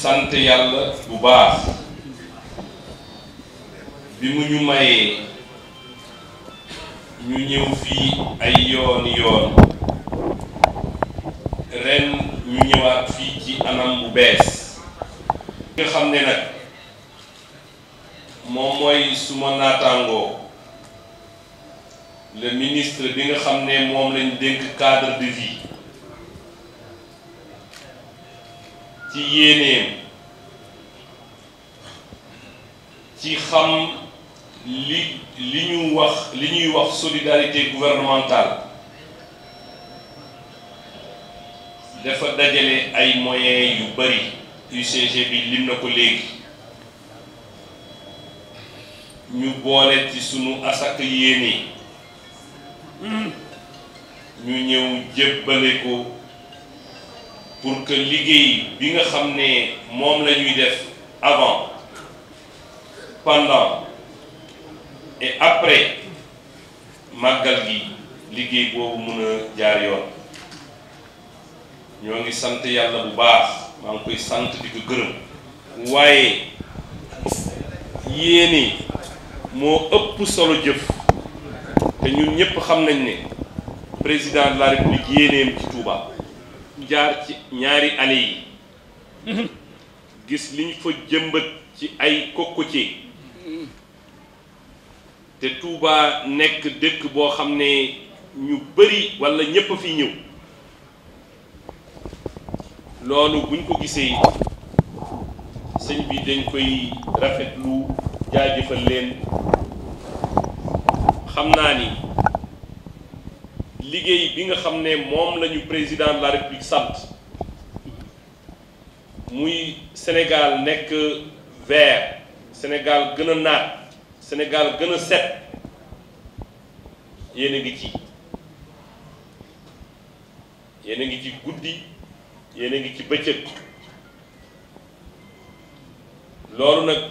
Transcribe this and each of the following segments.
sant yàlla bu baax bi mu ñu mayee ñu ñëw fii ay yoon yoon ren ñu ñëwaat fii ci anam bu bees nga xam ne nag moom mooy suma naataangoo le ministre bi nga xam ne moom lañ dénk cadre de vie ci yéeneem ci xam li li ñu wax li ñuy wax solidarité gouvernementale dafa dajale ay moyens yu bari UCG bi lim na ko léegi ñu boole ci sunu asak yéene ñu ñëw jébbale ko pour que liggéey bi nga xam ne moom la ñuy def avant pendant et après màggal gi liggéey boobu mën a jaar yoon ñoo ngi sant yàlla bu baax maa ngi koy sant bi ko gërëm waaye yéene moo ëpp solo jëf te ñun ñëpp xam nañ ne président de la république ci Touba jaar ci ñaari ale yi gis liñ fa jëmbët ci ay kokkuce te tuuba nekk dëkk boo xam ne ñu bari walla ñépp fi ñëw loolu buñ ko gisee sëñ bi dañ koy rafetlu jaajëfal leen xam naa ni liggéey bi nga xam ne moom lañu président de la république sant muy Sénégal nekk vert Sénégal gën a naat Sénégal gën a set yéen a ngi ci yéen a ngi ci guddi yéen a ngi ci bëccëg loolu nag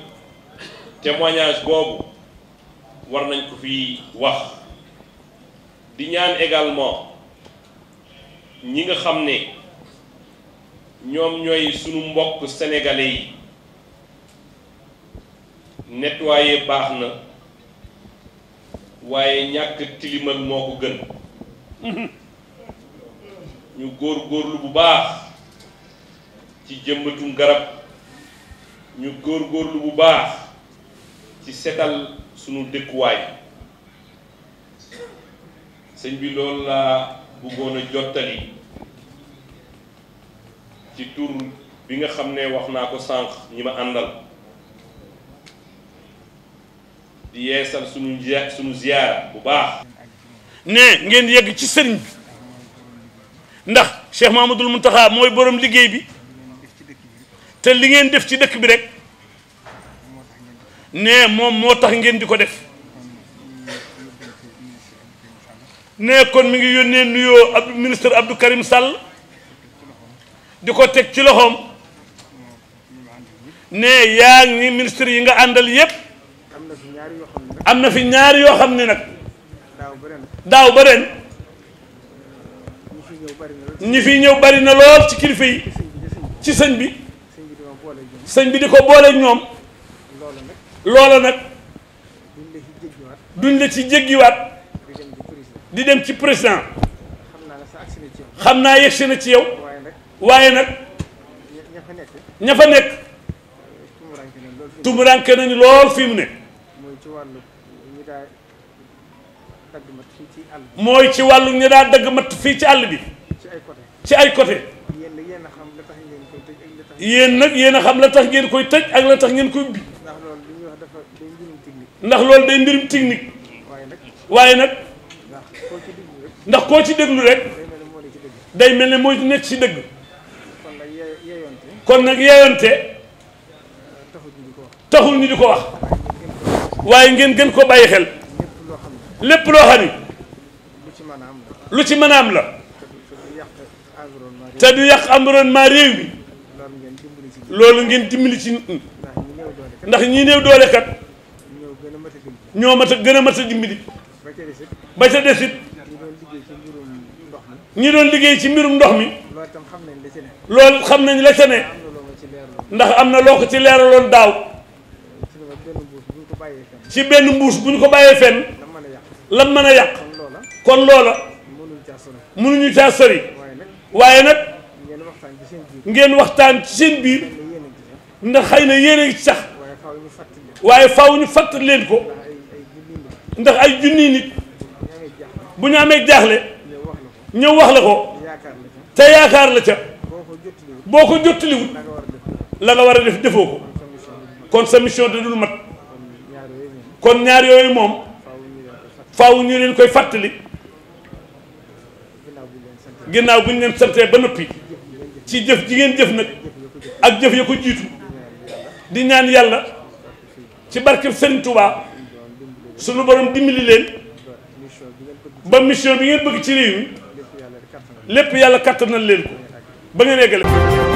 témoignage boobu war nañ ko fi wax di ñaan également ñi nga xam ne ñoom ñooy sunu mbokk senegale yi nettoyer baax na waaye ñàkk tilimal moo ko gën ñu góor-góorlu bu baax ci jëmbatum garab ñu góor-góorlu bu baax ci setal sunu dëkkuwaay sëñ bi loolu laa bëggoon a jottali ci tur bi nga xam ne wax naa ko sànq ñi ma àndal di yeesal suñu nja suñu ziyaara bu baax. ne ngeen yegg ci sëriñ bi ndax Cheikh Mamadul Muntaxa mooy borom liggéey bi te li ngeen def ci dëkk bi rek ne moom moo tax ngeen di ko def. ne kon mi ngi yónnee nuyoo ab ministre Abdou Karim Sall di ko teg ci loxoom ne yaa ngi ministre yi nga àndal yépp am na fi ñaar yoo xam ne nag daaw ba ren ñi fi ñëw bari na lool ci kilifa yi ci sëñ bi sëñ bi di ko boole ñoom loola nag duñ ci jéggiwaat di dem ci président xam naa yegsi na ci yow waaye nag ña fa nekk tumuranke nañu lool fi mu ne mooy ci wàllu ñu daa dagg matt fii ci àll bi ci ay côté yéen nag yéen a xam la tax ngeen koy tëj ak la tax ngeen koy ubbi ndax loolu day mbirum technique waaye nag ndax koo ci déglu rek day mel ne mooy nekk ci dëgg kon nag yeeyonte taxul ñu di ko wax waaye ngeen gën ko bàyyi xel lépp loo xam ni lu ci mën a am la te du yàq environnement réew mi loolu ngeen dimbali ci nit ñi ndax ñi néew doole kat ñoo ma a gën a mat a dimbali ba ca desit ba ca desit ñi doon liggéey ci mbirum ndox mi loolu xam nañ la ca ne ndax am na loo ko ci leeraloon daaw ci benn mbuus bu ñu ko bàyyee fenn lan mën a yàq kon loola mënuñu caa sori waaye nag ngeen waxtaan ci seen biir ndax xay na yéen a ngi sax waaye faw ñu fàtt leen ko ndax ay junniy nit bu ñu amee jaaxle ñëw wax la ko te yaakaar la ca boo ko jottaliwut la nga war a def defoo ko kon sa mission da dul mat kon ñaar yooyu moom faaw ñu leen koy fàttali ginnaaw bu ñu leen santee ba noppi ci jëf ji ngeen jëf nag ak jëf ya ko jiitu di ñaan yàlla ci barkeb Sëriñ Tuubaa suñu borom dimbali leen ba mission bi ngeen bëgg ci réew mi lépp yàlla kàttanal leen ko ba ngeen eggale